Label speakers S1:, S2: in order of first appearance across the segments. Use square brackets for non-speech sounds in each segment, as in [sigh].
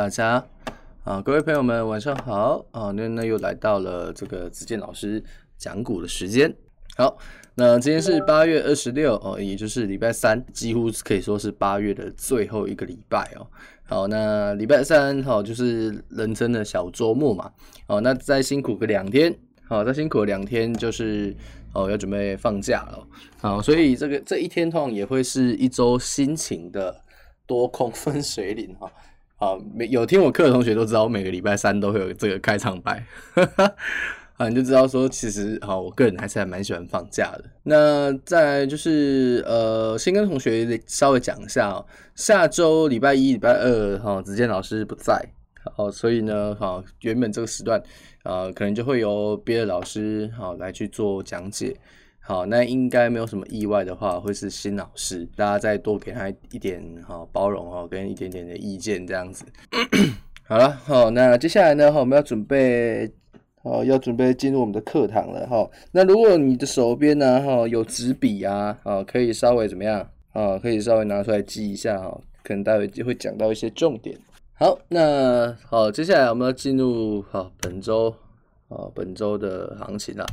S1: 大家啊，各位朋友們，晚上好啊！那那又來到了這個子健老師講股的時間。好，那今天是八月二十六哦，也就是禮拜三，幾乎可以說是八月的最後一個禮拜哦。好，那禮拜三哈、哦，就是人生的小周末嘛。哦，那再辛苦個兩天，好、哦，再辛苦個兩天，就是哦要準備放假了。好，好，所以這個這一天通常也會是一周行情的多空分水嶺哈。哦好，有聽我課的同學都知道，每個禮拜三都會有這個開場白，啊， [laughs] 你就知道說，其實，好，我個人還是還蠻喜歡放假的。那再就是，呃，先跟同學稍微講一下哦，下周禮拜一、禮拜二，哈，子健老師不在，好，所以呢，好，原本這個時段，啊，可能就會由別的老師，好，來去做講解。好，那應該沒有什麼意外的話，會是新老師，大家再多給他一點哈包容哈，跟一點點的意見這樣子。 [coughs] 好了，好，那接下來呢，哈，我們要準備，好，要準備進入我們的課堂了，哈。那如果你的手邊呢，啊，哈，有紙筆啊，啊，可以稍微怎麼樣，啊，可以稍微拿出來記一下哈，可能待會就會講到一些重點。好，那好，接下來我們要進入哈本週，啊，本週的行情了，啊。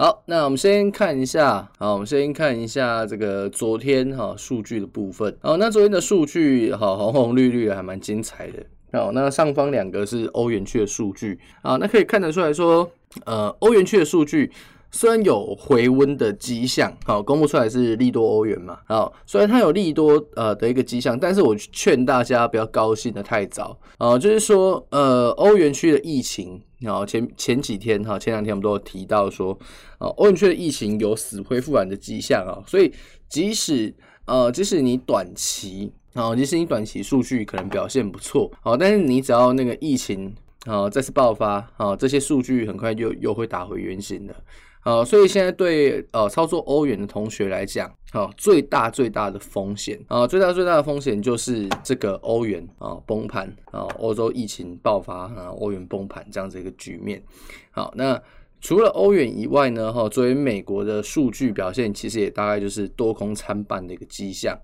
S1: 好，那我們先看一下，好，我們先看一下這個昨天哈數據的部分。哦，那昨天的數據哈紅紅綠綠的，還蠻精彩的。好，那上方兩個是歐元區的數據啊，那可以看得出來說，呃，歐元區的數據雖然有回溫的跡象，好，公布出來是利多歐元嘛，好，雖然它有利多呃的一個跡象，但是我勸大家不要高興得太早啊，就是說，呃，歐元區的疫情。好，前前幾天哈，前兩天我們都有提到說，啊，歐元區的疫情有死灰復燃的跡象啊，所以即使呃，即使你短期啊，即使你短期數據可能表現不錯，好，但是你只要那個疫情啊再次爆發啊，這些數據很快又又會打回原形的。好，所以現在對呃、哦、操作歐元的同學來講，好、哦，最大最大的風險啊、哦，最大最大的風險就是這個歐元啊、哦、崩盤啊，歐、哦、洲疫情爆發啊，歐元崩盤這樣子一個局面。好，那除了歐元以外呢，哈、哦，作為美國的數據表現，其實也大概就是多空參半的一個跡象。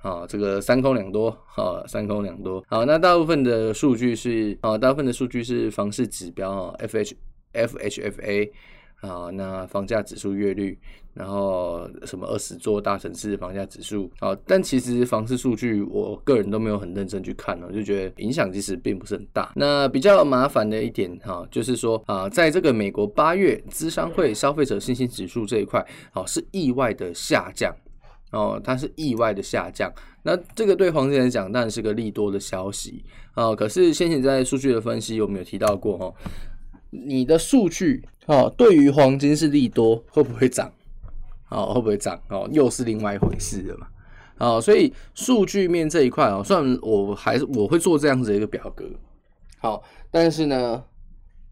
S1: 好、哦，這個三空兩多，哈、哦，三空兩多。好，那大部分的數據是啊、哦，大部分的數據是房市指標啊、哦、F H F H F A。啊，那房價指數月率，然後什麼二十座大城市的房價指數啊，但其實房市數據，我個人都沒有很認真去看呢，我就覺得影響其實並不是很大。那比較麻煩的一點哈、啊，就是說啊，在這個美國八月諮商會消費者信心指數這一塊，哦、啊，是意外的下降，哦、啊，它是意外的下降。那這個對黃金來講當然是個利多的消息啊。可是先前在數據的分析，我們有提到過哦、啊，你的數據。哦，對於黃金是利多，會不會漲？哦，會不會漲？哦，又是另外一回事了嘛。哦，所以數據面這一塊哦，雖然我還是我會做這樣子的一個表格。好，但是呢，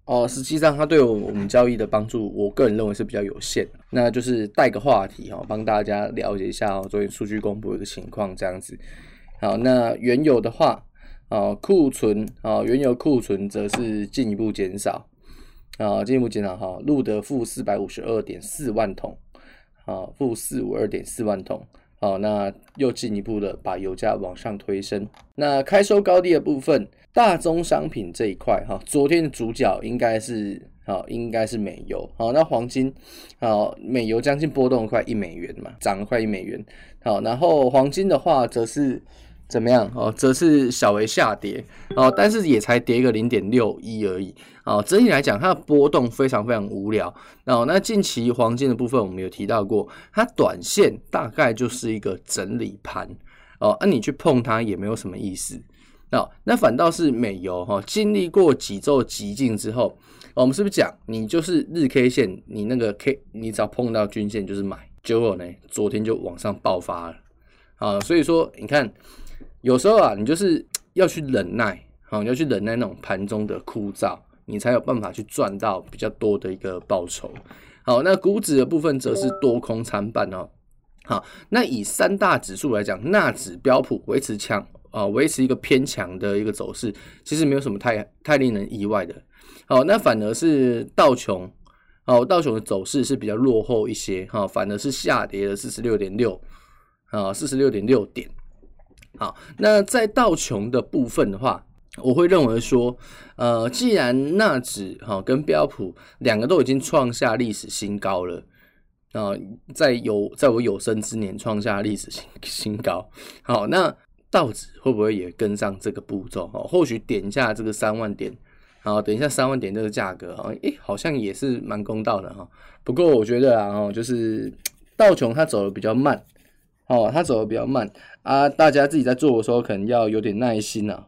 S1: 哦，實際上它對我們交易的幫助，我個人認為是比較有限。那就是帶個話題哈、哦，幫大家了解一下哦，昨天數據公布的一個情況這樣子。好，那原油的話，啊、哦，庫存啊、哦，原油庫存則是進一步減少。啊，進一步減少哈，錄得負四百五十二點四萬桶，啊，負四五二點四萬桶，好，那又進一步的把油價往上推升。那開收高低的部分，大宗商品這一塊哈，昨天的主角應該是，好，應該是美油，好，那黃金，好，美油將近波動快一美元嘛，漲了快一美元，好，然後黃金的話則是。怎麼樣哦，則是小微下跌哦，但是也才跌一個零點六一而已哦。整體來講，它的波動非常非常無聊哦。那近期黃金的部分，我們有提到過，它短線大概就是一個整理盤哦。那、啊、你去碰它也沒有什麼意思。哦，那反倒是美油哈、哦，經歷過幾週極靜之後、哦，我們是不是講你就是日 K 線，你那個 K 你只要碰到均線就是買。結果呢，昨天就往上爆發了啊、哦。所以說你看。有時候啊，你就是要去忍耐，好、哦，你要去忍耐那種盤中的枯燥，你才有辦法去賺到比較多的一個報酬。好，那股指的部分則是多空參半哦。好，那以三大指數來講，納指標普維持強啊，呃、維持一個偏強的一個走勢，其實沒有什麼太太令人意外的。好，那反而是道瓊，哦、道瓊的走勢是比較落後一些哈、哦，反而是下跌了四十六點六啊，四十六點六點。好，那在道瓊的部分的話，我會認為說，呃，既然納指哈、哦、跟標普兩個都已經創下歷史新高了，啊、哦，在有在我有生之年創下歷史新新高，好，那道指會不會也跟上這個步驟？哦、或許點一下這個三萬點，好、哦，等一下三萬點這個價格啊、哦，誒，好像也是蠻公道的哈、哦。不過我覺得啊，哦，就是道瓊它走的比較慢。哦，它走得比較慢啊，大家自己在做的時候可能要有點耐心吶、啊。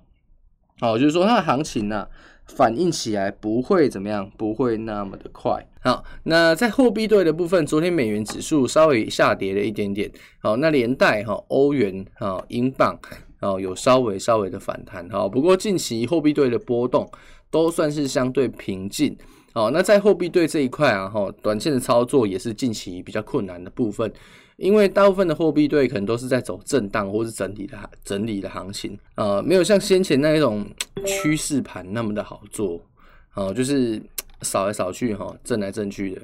S1: 好，就是說它的行情，啊、反應起來不會怎麼樣，不會那麼的快。好，那在貨幣對的部分，昨天美元指數稍微下跌了一點點。好，那連帶哈、哦，歐元、哦、英鎊、哦、有稍微稍微的反彈。好，不過近期貨幣對的波動都算是相對平靜。好，那在貨幣對這一塊啊，哈、哦，短線的操作也是近期比較困難的部分。因為大部分的貨幣對可能都是在走震盪或是整理的整理的行情，呃，沒有像先前那一種趨勢盤那麼的好做，好、哦、就是掃來掃去哈，哦、震來震去的。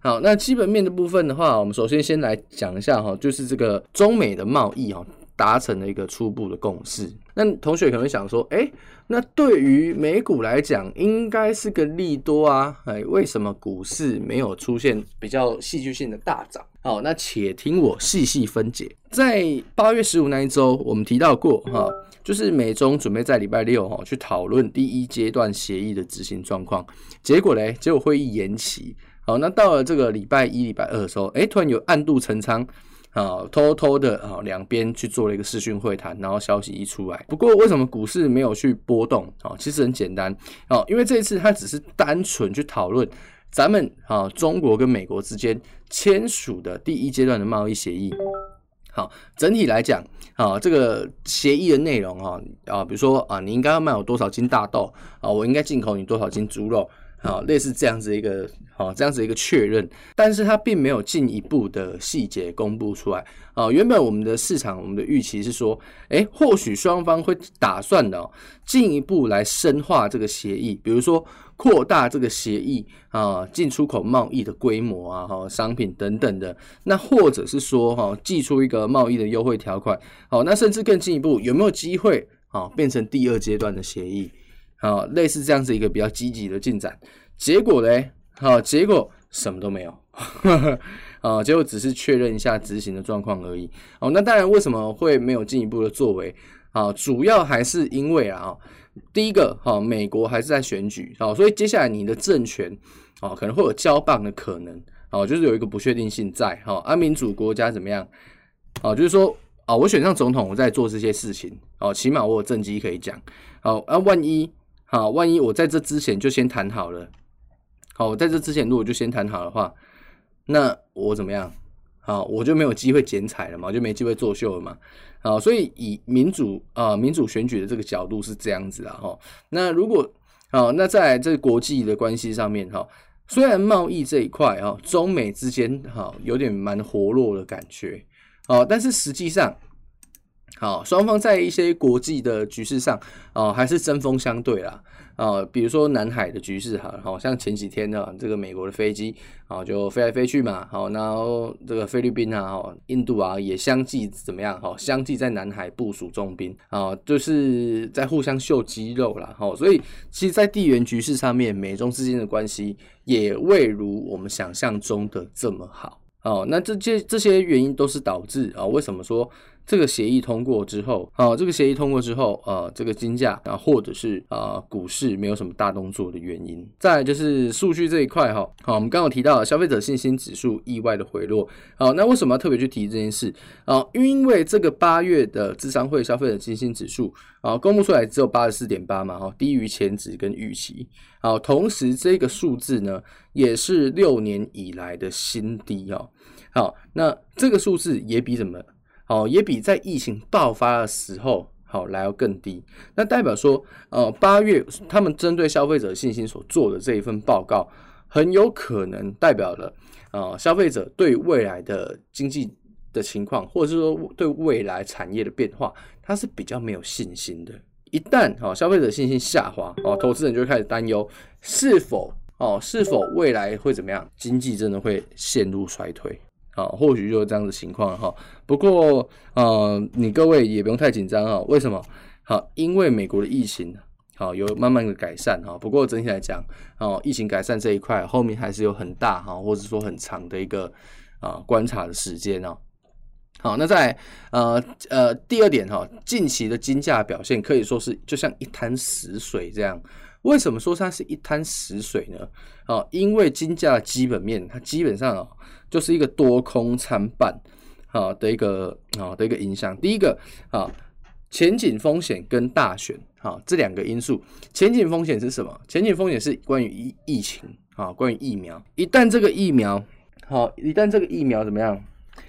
S1: 好，那基本面的部分的話，我們首先先來講一下哈、哦，就是這個中美的貿易哈、哦、達成了一個初步的共識。那同學可能會想說，哎，那對於美股來講，應該是個利多啊，哎，為什麼股市沒有出現比較戲劇性的大漲？好，那且聽我細細分解。在八月十五那一周，我們提到過哈、哦，就是美中準備在禮拜六哈、哦、去討論第一階段協議的執行狀況，結果嘞，結果會議延期。好、哦，那到了這個禮拜一、禮拜二的時候，誒，突然有暗度陳倉啊、哦，偷偷的啊、哦，兩邊去做了一個視訊會談，然後消息一出來，不過為什麼股市沒有去波動啊、哦？其實很簡單、哦，因為這一次他只是單純去討論。咱們啊，中國跟美國之間簽署的第一階段的貿易協議，好，整體來講啊，這個協議的內容啊，啊，比如說啊，你應該要賣我多少斤大豆啊，我應該進口你多少斤豬肉。啊，類似這樣子一個，好，這樣子一個確認，但是它並沒有進一步的細節公布出來。啊，原本我們的市場，我們的預期是說，哎、欸，或許雙方會打算的進一步來深化這個協議，比如說擴大這個協議啊，進出口貿易的規模啊，哈，商品等等的。那或者是說，哈、啊，祭出一個貿易的優惠條款。好，那甚至更進一步，有沒有機會啊，變成第二階段的協議？啊、哦，類似這樣子一個比較積極的進展，結果呢？好、哦，結果什麼都沒有。啊、哦，結果只是確認一下執行的狀況而已。哦，那當然，為什麼會沒有進一步的作為？啊、哦，主要還是因為啊、哦，第一個，啊、哦，美國還是在選舉，啊、哦，所以接下來你的政權，啊、哦，可能會有交棒的可能，啊、哦，就是有一個不確定性在哈、哦。啊，民主國家怎麼樣？啊、哦，就是說，啊、哦，我選上總統，我在做這些事情，哦，起碼我有政績可以講。好、哦，啊，萬一。啊，萬一我在這之前就先談好了，好，我在這之前如果就先談好的話，那我怎麼樣？好，我就沒有機會剪彩了嘛，我就沒機會作秀了嘛。啊，所以以民主啊、呃，民主選舉的這個角度是這樣子啊。哈、哦，那如果啊，那在這個國際的關係上面哈，雖然貿易這一塊啊，中美之間哈有點蠻活絡的感覺，啊，但是實際上。好，雙方在一些國際的局勢上，哦，還是針鋒相對啦，啊、哦，比如說南海的局勢好、哦、像前幾天呢、哦，這個美國的飛機啊、哦、就飛來飛去嘛，好、哦，然後這個菲律賓啊、哦、印度啊也相繼怎麼樣，哦，相繼在南海部署重兵啊、哦，就是在互相秀肌肉啦。哈、哦，所以其實，在地緣局勢上面，美中之間的關係也未如我們想象中的這麼好，哦，那這些這些原因都是導致啊、哦，為什麼說？這個協議通過之後，好、啊，這個協議通過之後，呃，這個金價啊，或者是啊股市沒有什麼大動作的原因。再來就是數據這一塊哈，好、啊啊，我們剛剛有提到消費者信心指數意外的回落，好、啊，那為什麼要特別去提這件事？啊、因為這個八月的諮商會消費者信心指數啊，公布出來只有八十四點八嘛，哈、啊，低於前值跟預期，好、啊，同時這個數字呢也是六年以來的新低好、啊啊，那這個數字也比什麼？好、哦，也比在疫情爆發的時候好、哦、來要更低。那代表說，呃，八月他們針對消費者信心所做的這一份報告，很有可能代表了呃消費者對未來的經濟的情況，或者是說對未來產業的變化，他是比較沒有信心的。一旦哦，消費者信心下滑，哦，投資人就開始擔憂，是否哦，是否未來會怎麼樣？經濟真的會陷入衰退。好，或許就是這樣的情況哈。不過，呃，你各位也不用太緊張啊。為什麼？好，因為美國的疫情好有慢慢的改善哈。不過整體來講，哦，疫情改善這一塊後面還是有很大哈，或者說很長的一個啊觀察的時間啊。好，那在呃呃第二點哈，近期的金價表現可以說是就像一潭死水這樣。為什麼說它是一灘死水呢？哦、因為金價的基本面，它基本上啊、哦，就是一個多空參半啊、哦、的一個、哦、的一個影響。第一個、哦、前景風險跟大選啊、哦、這兩個因素。前景風險是什麼？前景風險是關於疫疫情啊、哦，關於疫苗。一旦這個疫苗好、哦，一旦這個疫苗怎麼樣？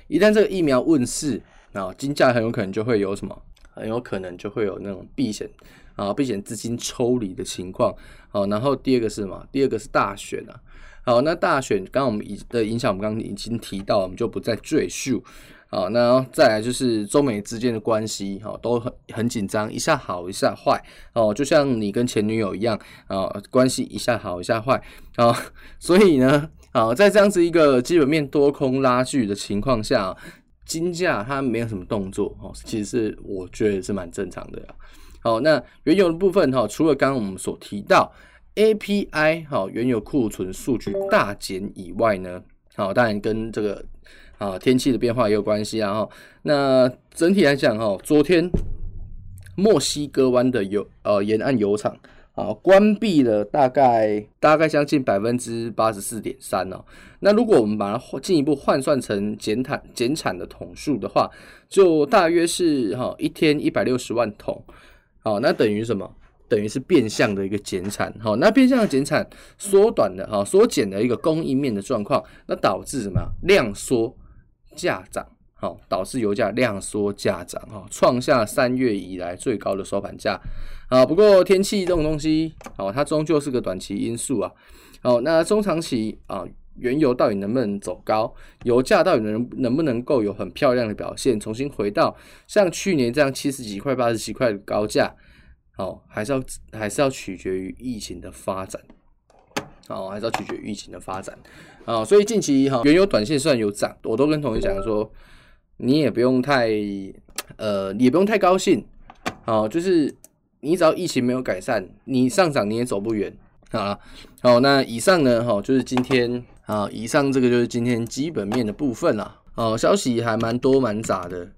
S1: 一旦這個疫苗問世，啊、哦，金價很有可能就會有什麼？很有可能就會有那種避險。啊，避險資金抽離的情況，好，然後第二個是什麼？第二個是大選啊。好，那大選剛剛我們已的影響，我們剛剛已經提到，我們就不再贅述。好，那再來就是中美之間的關係，哈，都很很緊張，一下好一下壞，哦，就像你跟前女友一樣，啊，關係一下好一下壞，啊，所以呢，啊，在這樣子一個基本面多空拉鋸的情況下，金價它沒有什麼動作，哦，其實我覺得是蠻正常的，啊。好，那原油的部分哈、哦，除了剛剛我們所提到 API 好、哦、原油庫存數據大減以外呢，好、哦，當然跟這個啊、哦、天氣的變化也有關係啊、哦、那整體來講哈、哦，昨天墨西哥灣的油呃沿岸油廠啊關閉了大概大概將近百分之八十四點三哦。那如果我們把它換進一步換算成減產減產的桶數的話，就大約是哈、哦、一天一百六十萬桶。好，那等於什麼？等於是變相的一個減產。好，那變相的減產，縮短了哈，縮減了一個供應面的狀況，那導致什麼？量縮價漲。好，導致油價量縮價漲。好，創下三月以來最高的收盤價。啊，不過天氣這種東西，好，它終究是個短期因素啊。好，那中長期啊。原油到底能不能走高？油價到底能能不能夠有很漂亮的表現，重新回到像去年這樣七十幾塊、八十幾塊的高價？哦，還是要還是要取決於疫情的發展。哦，還是要取決於疫情的發展。哦，所以近期哈、哦，原油短線雖然有漲，我都跟同學講說，你也不用太呃，你也不用太高興。哦，就是你只要疫情沒有改善，你上漲你也走不遠啊。好、哦，那以上呢，哈、哦，就是今天。好，以上這個就是今天基本面的部分啦、啊。好，哦，消息還蠻多蠻雜的。